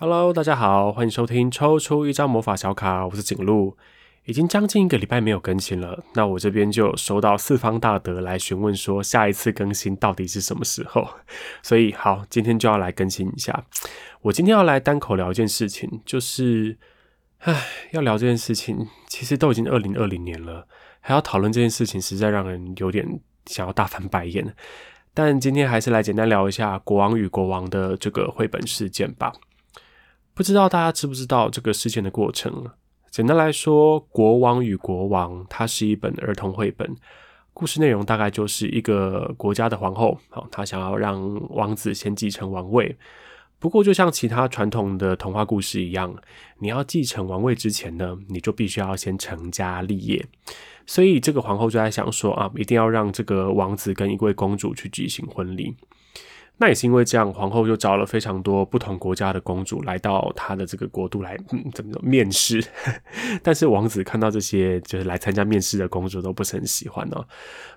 Hello，大家好，歡迎收聽抽出一張魔法小卡，我是景祿，已經將近一個禮拜沒有更新了。那我這邊就收到四方大德來詢問說，下一次更新到底是什麼時候？所以好，今天就要來更新一下。我今天要來單口聊一件事情，就是，唉，要聊這件事情，其實都已經二零二零年了，還要討論這件事情，實在讓人有點想要大翻白眼。但今天還是來簡單聊一下《國王與國王》的這個繪本事件吧。不知道大家知不知道這個事件的過程？簡單來說，《國王與國王》它是一本兒童繪本，故事內容大概就是一個國家的皇後，好、啊，她想要讓王子先繼承王位。不過，就像其他傳統的童話故事一樣，你要繼承王位之前呢，你就必須要先成家立業。所以，這個皇後就在想說啊，一定要讓這個王子跟一位公主去舉行婚禮。那也是因為這樣，皇後就找了非常多不同國家的公主來到她的這個國度來，嗯，怎麼着面試？ 但是王子看到這些就是來參加面試的公主，都不是很喜歡哦。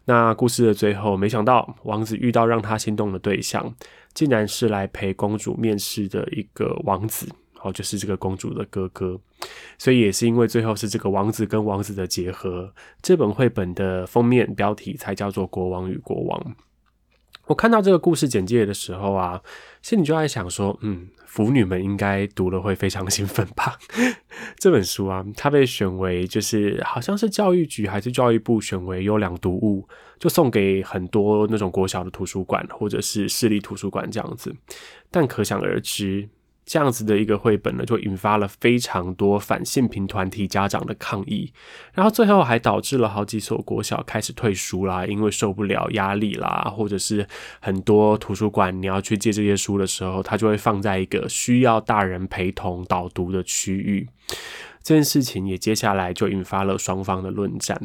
那故事的最後，沒想到王子遇到讓他心動的對象，竟然是來陪公主面試的一個王子，哦，就是這個公主的哥哥。所以也是因為最後是這個王子跟王子的結合，這本繪本的封面標題才叫做《國王與國王》。我看到這個故事簡介的時候啊，心裡就在想說，嗯，腐女們應該讀了會非常興奮吧？ 這本書啊，它被選為就是好像是教育局還是教育部選為優良讀物，就送給很多那種國小的圖書館或者是市立圖書館這樣子。但可想而知。這樣子的一個繪本呢，就引發了非常多反性平團體家長的抗議，然後最後還導致了好幾所國小開始退書啦，因為受不了壓力啦，或者是很多圖書館你要去借這些書的時候，它就會放在一個需要大人陪同導讀的區域。這件事情也接下來就引發了雙方的論戰。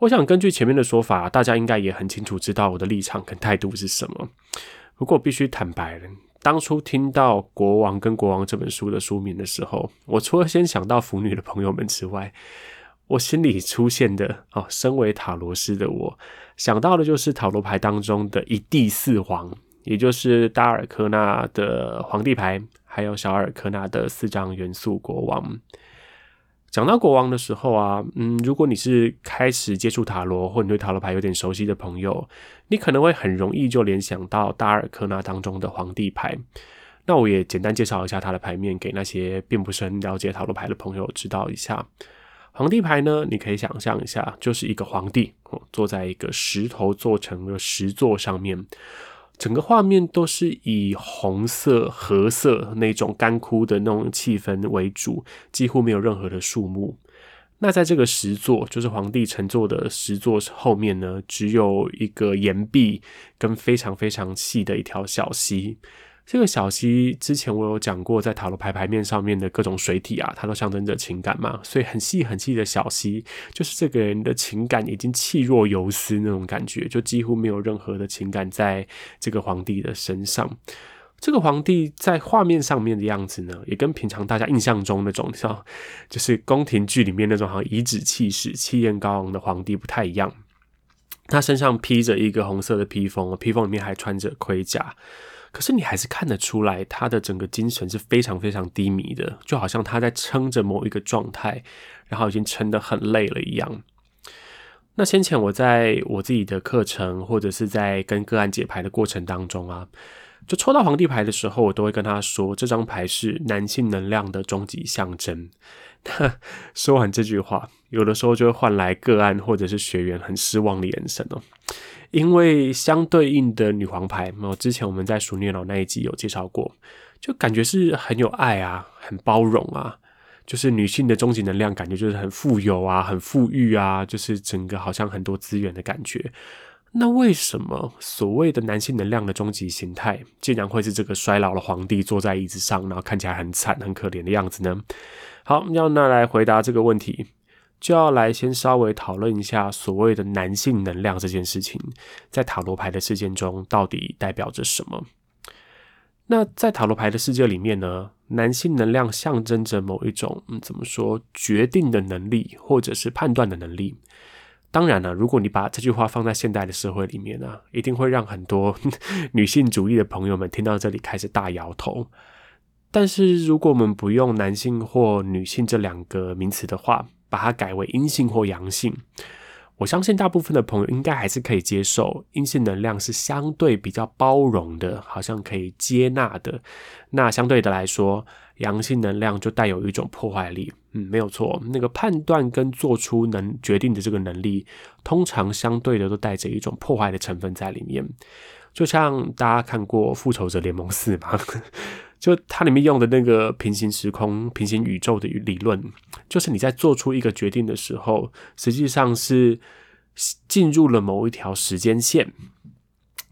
我想根據前面的說法，大家應該也很清楚知道我的立場跟態度是什麼。不過必須坦白了。當初聽到《國王》跟《國王》這本書的書名的時候，我除了先想到腐女的朋友們之外，我心裡出現的哦，身為塔羅師的我想到的就是塔羅牌當中的一帝四皇，也就是大爾科納的皇帝牌，還有小爾科納的四張元素國王。講到國王的時候啊，嗯，如果你是開始接觸塔羅，或者你對塔羅牌有點熟悉的朋友，你可能會很容易就聯想到大阿爾克那當中的皇帝牌，那我也簡單介紹一下它的牌面，給那些並不是很了解塔羅牌的朋友知道一下。皇帝牌呢，你可以想象一下，就是一個皇帝坐在一個石頭做成的石座上面，整個畫面都是以紅色、褐色那種乾枯的那種氣氛為主，幾乎沒有任何的樹木。那在這個石座，就是皇帝乘坐的石座後面呢，只有一個岩壁跟非常非常細的一條小溪。這個小溪之前我有講過，在塔羅牌牌面上面的各種水體啊，它都象徵着情感嘛。所以很細很細的小溪，就是這個人的情感已經氣若游絲那種感覺，就幾乎沒有任何的情感在這個皇帝的身上。這個皇帝在畫面上面的樣子呢，也跟平常大家印象中的那種，你知道，就是宮廷劇裡面那種好像頤指氣使、氣焰高昂的皇帝不太一樣。他身上披着一個紅色的披風，披風裡面還穿着盔甲，可是你還是看得出來，他的整個精神是非常非常低迷的，就好像他在撐着某一個狀態，然後已經撐得很累了一樣。那先前我在我自己的課程，或者是在跟個案解牌的過程當中啊。就抽到皇帝牌的時候，我都會跟他說，這張牌是男性能量的終極象徵。他說完這句話，有的時候就會換來個案或者是學員很失望的眼神哦，因為相對應的女皇牌，之前我們在熟女老那一集有介紹過，就感覺是很有愛啊，很包容啊，就是女性的終極能量，感覺就是很富有啊，很富裕啊，就是整個好像很多資源的感覺。那為什麼所謂的男性能量的終極形態，竟然會是這個衰老的皇帝坐在椅子上，然後看起來很慘、很可憐的樣子呢？好，那要來回答這個問題，就要來先稍微討論一下所謂的男性能量這件事情，在塔羅牌的世界中到底代表着什麽？那在塔羅牌的世界裡面呢，男性能量象徵着某一種，嗯，怎麼說，決定的能力或者是判斷的能力。當然了、啊，如果你把這句話放在現代的社會裡面呢、啊，一定會讓很多 女性主義的朋友們聽到這裡開始大搖頭。但是如果我們不用男性或女性這兩個名詞的話，把它改為陰性或陽性，我相信大部分的朋友應該還是可以接受。陰性能量是相對比較包容的，好像可以接納的。那相對的來說，陽性能量就帶有一種破壞力。嗯，沒有錯，那個判斷跟做出能決定的這個能力，通常相對的都帶着一種破壞的成分在裡面。就像大家看過《復仇者聯盟四》嘛， 就它裡面用的那個平行時空、平行宇宙的理論，就是你在做出一個決定的時候，實際上是進入了某一條時間線。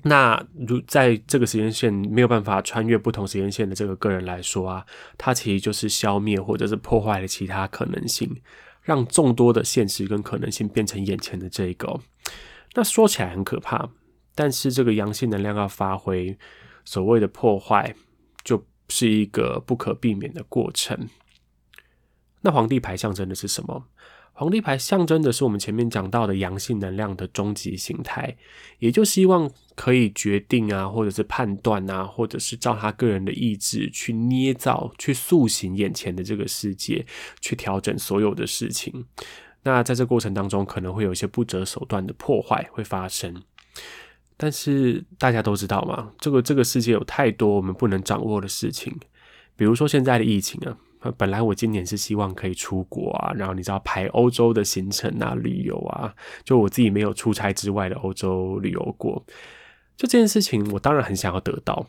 那如在這個時間線，沒有辦法穿越不同時間線的這個個人來說啊，他其實就是消滅或者是破壞了其他可能性，讓眾多的現實跟可能性變成眼前的這個。那說起來很可怕，但是這個陽性能量要發揮所謂的破壞，就是一個不可避免的過程。那皇帝牌象徵的是什麼？皇帝牌象徵的是我們前面講到的陽性能量的終極形態，也就是希望可以決定啊，或者是判斷啊，或者是照他個人的意志去捏造，去塑形眼前的這個世界，去調整所有的事情。那在這過程當中，可能會有一些不擇手段的破壞會發生。但是大家都知道嘛，這個這個世界有太多我們不能掌握的事情，比如說現在的疫情啊。本來我今年是希望可以出國啊，然後你知道排歐洲的行程啊，旅遊啊，就我自己沒有出差之外的歐洲旅遊過。就這件事情，我當然很想要得到，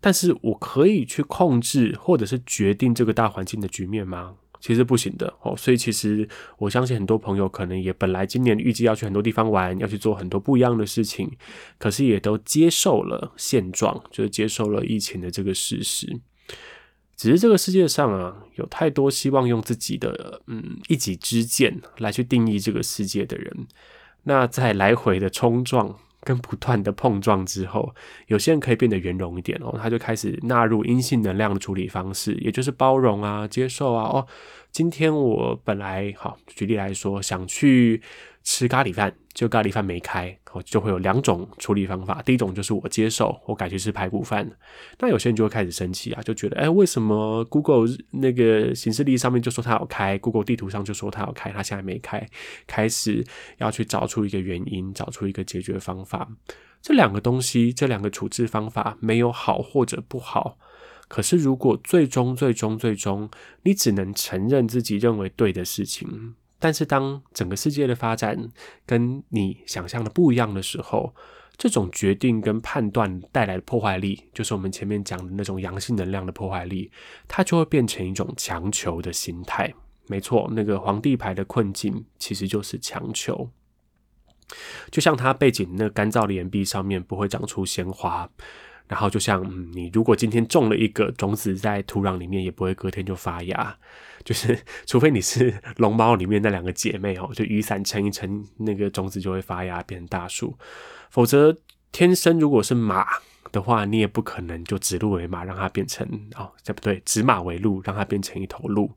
但是我可以去控制或者是決定這個大環境的局面嗎？其實不行的哦。所以其實我相信很多朋友可能也本來今年預計要去很多地方玩，要去做很多不一樣的事情，可是也都接受了現狀，就是接受了疫情的這個事實。只是這個世界上啊，有太多希望用自己的嗯一己之見來去定義這個世界的人。那在來回的衝撞跟不斷的碰撞之後，有些人可以變得圓融一點哦，他就開始納入陰性能量的處理方式，也就是包容啊、接受啊。哦，今天我本來，好舉例來說，想去。吃咖喱飯，就咖喱飯沒開，我就會有兩種處理方法。第一種就是我接受，我改去吃排骨飯。那有些人就會開始生氣啊，就覺得，誒，欸，為什麼 Google 那個行事曆上面就說它要開，Google 地圖上就說它要開，它現在沒開，開始要去找出一個原因，找出一個解決方法。這兩個東西，這兩個處置方法沒有好或者不好。可是如果最終最終最終，你只能承認自己認為對的事情。但是，當整個世界的發展跟你想象的不一樣的時候，這種決定跟判斷帶來的破壞力，就是我們前面講的那種陽性能量的破壞力，它就會變成一種強求的心態。沒錯，那個皇帝牌的困境其實就是強求，就像它背景那個乾燥的岩壁上面不會長出鮮花。然後就像，嗯，你如果今天種了一個種子在土壤裡面，也不會隔天就發芽，就是除非你是龍貓裡面那兩個姐妹哦，就雨傘撐一撐，那個種子就會發芽變成大樹。否則天生如果是馬的話，你也不可能就指鹿為馬，讓它變成哦，對不對，指馬為鹿，讓它變成一頭鹿。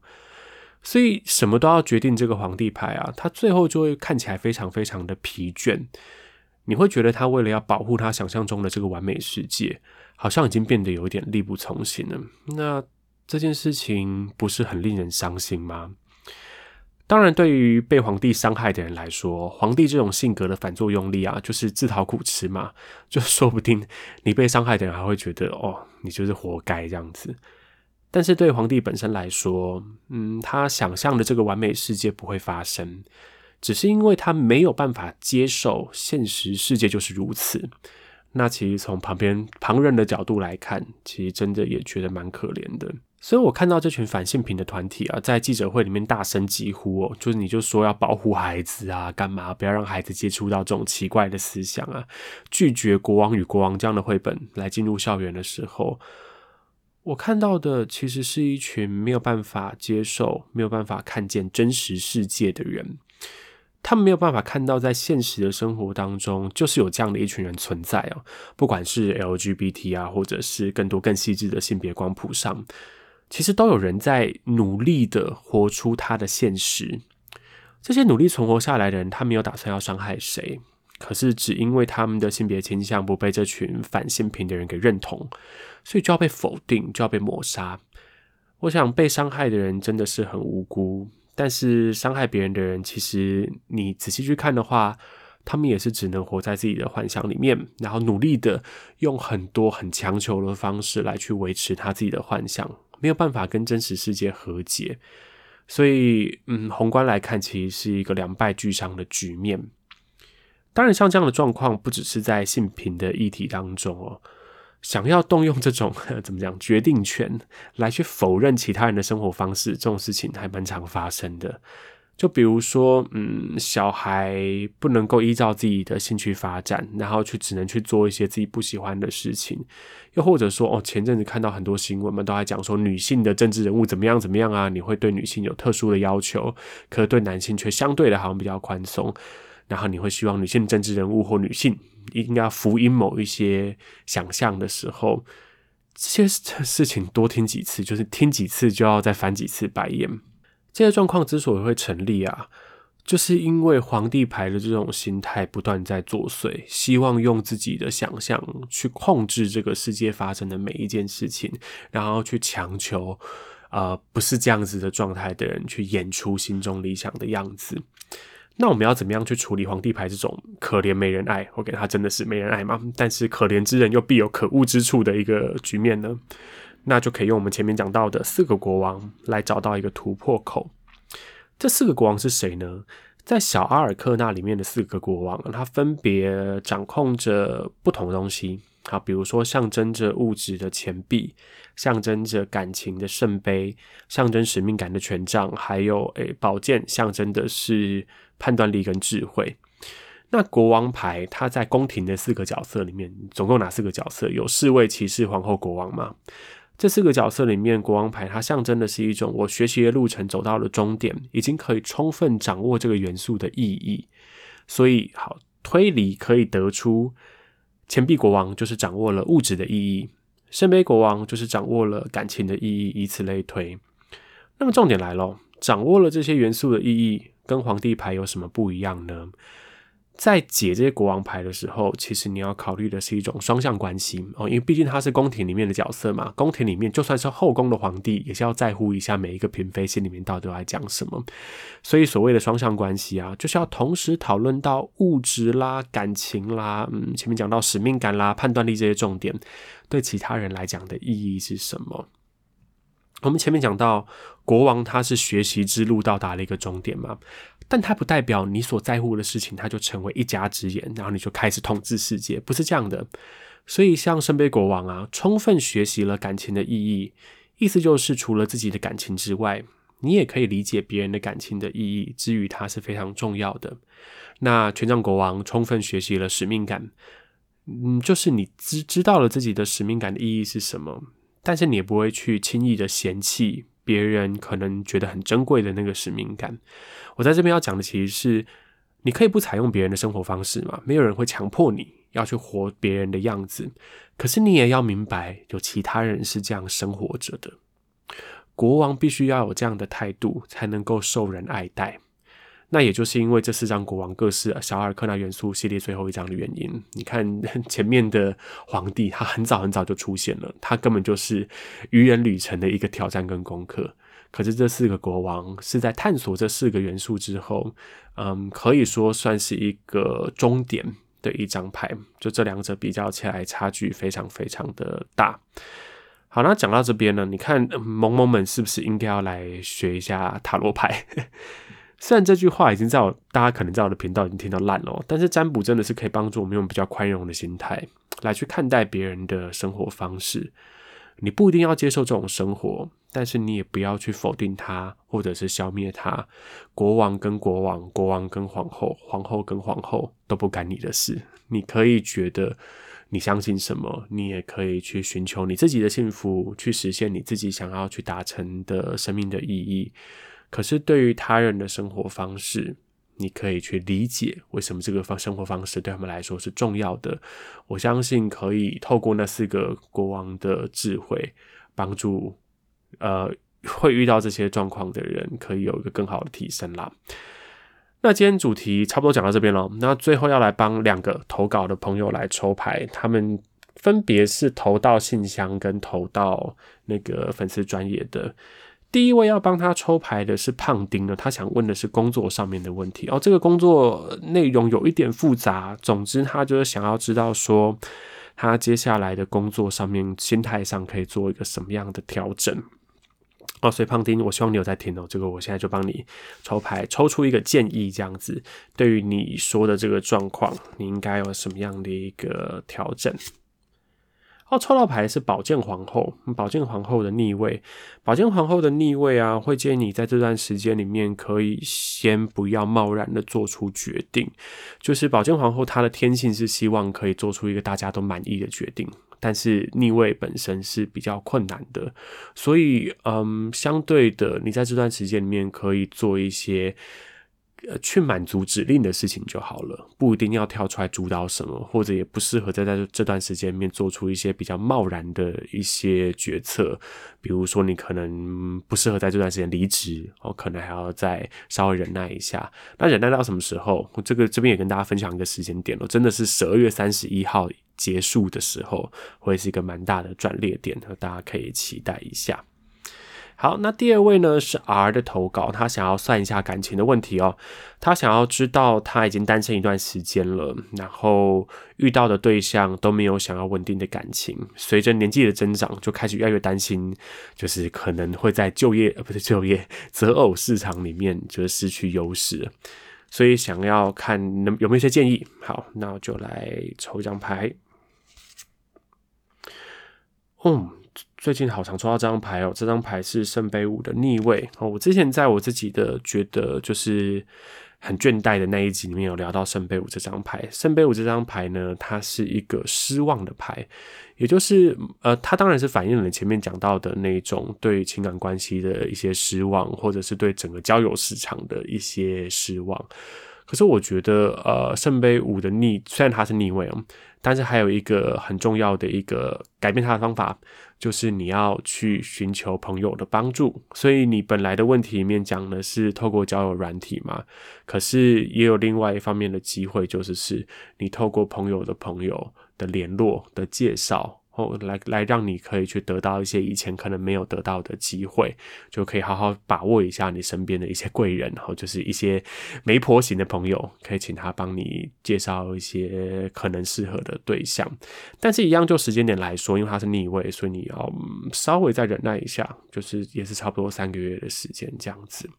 所以什麼都要決定這個皇帝牌啊，它最後就會看起來非常非常的疲倦。你會覺得他為了要保護他想象中的這個完美世界，好像已經變得有點力不從心了。那這件事情不是很令人傷心嗎？當然，對於被皇帝傷害的人來說，皇帝這種性格的反作用力啊，就是自討苦吃嘛。就說不定你被傷害的人還會覺得哦，你就是活該這樣子。但是對皇帝本身來說，嗯，他想象的這個完美世界不會發生。只是因為他沒有辦法接受現實世界就是如此，那其實從旁邊旁人的角度來看，其實真的也覺得蠻可憐的。所以我看到這群反性平的團體啊，在記者會裡面大聲疾呼，哦，就是你就說要保護孩子啊，幹嘛不要讓孩子接觸到這種奇怪的思想啊，拒絕《國王與國王》這樣的繪本來進入校園的時候，我看到的其實是一群沒有辦法接受、沒有辦法看見真實世界的人。他們沒有辦法看到，在現實的生活當中，就是有這樣的一群人存在哦，不管是 LGBT 啊，或者是更多更細緻的性別光譜上，其實都有人在努力的活出他的現實。這些努力存活下來的人，他沒有打算要傷害誰，可是只因為他們的性別傾向不被這群反性平的人給認同，所以就要被否定，就要被抹殺。我想被傷害的人真的是很無辜。但是傷害別人的人，其實你仔細去看的話，他們也是只能活在自己的幻想裡面，然後努力的用很多很強求的方式來去維持他自己的幻想，沒有辦法跟真實世界和解。所以，嗯，宏觀來看，其實是一個兩敗俱傷的局面。當然，像這樣的狀況，不只是在性平的議題當中哦。想要動用這種怎麼講決定權來去否認其他人的生活方式，這種事情還蠻常發生的。就比如說，嗯，小孩不能夠依照自己的興趣發展，然後去只能去做一些自己不喜歡的事情。又或者說，哦，前陣子看到很多新聞，我們都還講說女性的政治人物怎麼樣怎麼樣啊？你會對女性有特殊的要求，可是對男性卻相對的好像比較寬鬆。然後你會希望女性的政治人物或女性。一定要符應某一些想象的時候，這些事情多聽幾次，就是聽幾次就要再翻幾次白眼。這些狀況之所以會成立啊，就是因為皇帝牌的這種心態不斷在作祟，希望用自己的想象去控制這個世界發生的每一件事情，然後去強求啊、呃，不是這樣子的狀態的人去演出心中理想的樣子。那我們要怎麼樣去處理皇帝牌這種可憐沒人愛我給、okay, 他真的是沒人愛嗎？但是可憐之人又必有可惡之處的一個局面呢？那就可以用我們前面講到的四個國王來找到一個突破口。這四個國王是誰呢？在小阿爾克納裡面的四個國王，他分別掌控着不同的東西。好，比如說象徵着物質的錢幣，象徵着感情的聖杯，象徵使命感的權杖，還有誒寶劍，欸、寶劍象徵的是判斷力跟智慧。那國王牌，它在宮廷的四個角色裡面，總共哪四個角色？有侍衛、騎士、皇後、國王嗎？這四個角色裡面，國王牌它象徵的是一種我學習的路程走到了終點，已經可以充分掌握這個元素的意義。所以，好推理可以得出。錢幣國王就是掌握了物質的意義，聖杯國王就是掌握了感情的意義，以此類推。那麼重點來咯，掌握了這些元素的意義，跟皇帝牌有什麼不一樣呢？在解這些國王牌的時候，其實你要考慮的是一種雙向關係哦，因為畢竟他是宮廷裡面的角色嘛。宮廷裡面就算是後宮的皇帝，也是要在乎一下每一個嬪妃心裡面到底在講什麼。所以所謂的雙向關係啊，就是要同時討論到物質啦、感情啦，嗯，前面講到使命感啦、判斷力這些重點，對其他人來講的意義是什麼？我們前面講到國王，他是學習之路到達了一個終點嘛。但它不代表你所在乎的事情，它就成為一家之言，然後你就開始統治世界，不是這樣的。所以，像聖杯國王啊，充分學習了感情的意義，意思就是除了自己的感情之外，你也可以理解別人的感情的意義，之於他是非常重要的。那權杖國王充分學習了使命感，嗯，就是你知知道了自己的使命感的意義是什麼，但是你也不會去輕易的嫌棄別人可能覺得很珍貴的那個使命感。我在這邊要講的其實是，你可以不採用別人的生活方式嘛？沒有人會強迫你要去活別人的樣子。可是你也要明白，有其他人是這樣生活着的。國王必須要有這樣的態度，才能夠受人愛戴。那也就是因為這四張國王各是小爾克納元素系列最後一張的原因。你看前面的皇帝，他很早很早就出現了，他根本就是愚人旅程的一個挑戰跟功課。可是這四個國王是在探索這四個元素之後，嗯，可以說算是一個終點的一張牌。就這兩者比較起來，差距非常非常的大。好，那講到這邊呢，你看，嗯，萌萌們是不是應該要來學一下塔羅牌？ 雖然這句話已經在我大家可能在我的頻道已經聽到爛了，但是占卜真的是可以幫助我們用比較寬容的心態來去看待別人的生活方式。你不一定要接受這種生活。但是你也不要去否定他，或者是消滅他。國王跟國王，國王跟皇後，皇後跟皇後，都不干你的事。你可以覺得你相信什麼，你也可以去尋求你自己的幸福，去實現你自己想要去達成的生命的意義。可是對於他人的生活方式，你可以去理解為什麼這個方生活方式對他們來說是重要的。我相信可以透過那四個國王的智慧幫助。呃，會遇到這些狀況的人，可以有一個更好的提升啦。那今天主題差不多講到這邊囉。那最後要來幫兩個投稿的朋友來抽牌，他們分別是投到信箱跟投到那個粉絲專頁的。第一位要幫他抽牌的是胖丁呢，他想問的是工作上面的問題哦。這個工作內容有一點複雜，總之他就是想要知道說，他接下來的工作上面心態上可以做一個什麼樣的調整。哦，所以胖丁，我希望你有在聽哦。這個我現在就幫你抽牌，抽出一個建議，這樣子對於你說的這個狀況，你應該有什麼樣的一個調整？哦，抽到牌是寶劍皇後，寶劍皇後的逆位，寶劍皇後的逆位啊，會建議你在這段時間裡面可以先不要貿然的做出決定。就是寶劍皇後她的天性是希望可以做出一個大家都滿意的決定。但是逆位本身是比較困難的，所以嗯，相對的，你在這段時間裡面可以做一些呃去滿足指令的事情就好了，不一定要跳出來主導什麼，或者也不適合在這段時間裡面做出一些比較貿然的一些決策。比如說，你可能不適合在這段時間離職，我、哦、可能還要再稍微忍耐一下。那忍耐到什麼時候？我這個這邊也跟大家分享一個時間點哦，真的是十二月三十一號。結束的時候會是一個蠻大的轉捩點，大家可以期待一下。好，那第二位呢是 R 的投稿，他想要算一下感情的問題哦。他想要知道他已經單身一段時間了，然後遇到的對象都沒有想要穩定的感情。隨着年紀的增長，就開始越來越擔心，就是可能會在就業呃不是就業擇偶市場裡面就是失去優勢，所以想要看能有沒有一些建議。好，那我就來抽一張牌。嗯、哦，最近好常抽到這張牌哦。這張牌是聖杯五的逆位哦。我之前在我自己的覺得就是很倦怠的那一集裡面有聊到聖杯五這張牌，聖杯五這張牌呢，它是一個失望的牌，也就是呃，它當然是反映了你前面講到的那種對情感關係的一些失望，或者是對整個交友市場的一些失望。可是我覺得，呃，聖杯五的逆，雖然它是逆位哦，但是還有一個很重要的一個改變它的方法，就是你要去尋求朋友的幫助。所以你本來的問題裡面講的是透過交友軟體嘛，可是也有另外一方面的機會，就是是你透過朋友的朋友的聯絡的介紹。來來，來讓你可以去得到一些以前可能沒有得到的機會，就可以好好把握一下你身邊的一些貴人，然後就是一些媒婆型的朋友，可以請他幫你介紹一些可能適合的對象。但是，一樣就時間點來說，因為他是逆位，所以你要稍微再忍耐一下，就是也是差不多三個月的時間這樣子。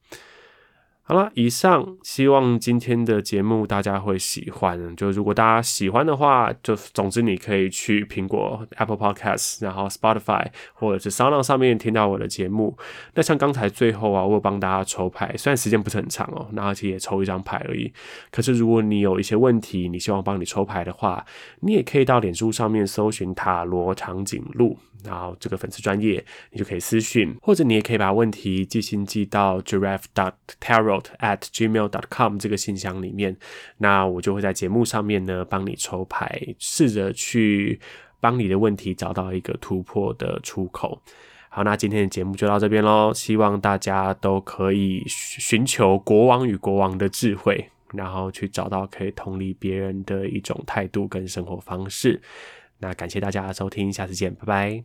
好啦，以上希望今天的節目大家會喜歡。就如果大家喜歡的話，就總之你可以去蘋果 Apple Podcast，然後 Spotify 或者是 SoundOn 上，上面聽到我的節目。那像剛才最後啊，我有幫大家抽牌，雖然時間不是很長哦、喔，那而且也抽一張牌而已。可是如果你有一些問題，你希望幫你抽牌的話，你也可以到臉書上面搜尋塔羅長頸鹿。然後這個粉絲專頁，你就可以私訊，或者你也可以把問題寄信寄到 giraffe dot tarot at gmail dot com 這個信箱裡面。那我就會在節目上面呢，幫你抽牌，試着去幫你的問題找到一個突破的出口。好，那今天的節目就到這邊嘍。希望大家都可以尋求國王與國王的智慧，然後去找到可以同理別人的一種態度跟生活方式。那感謝大家收聽，下次見，拜拜。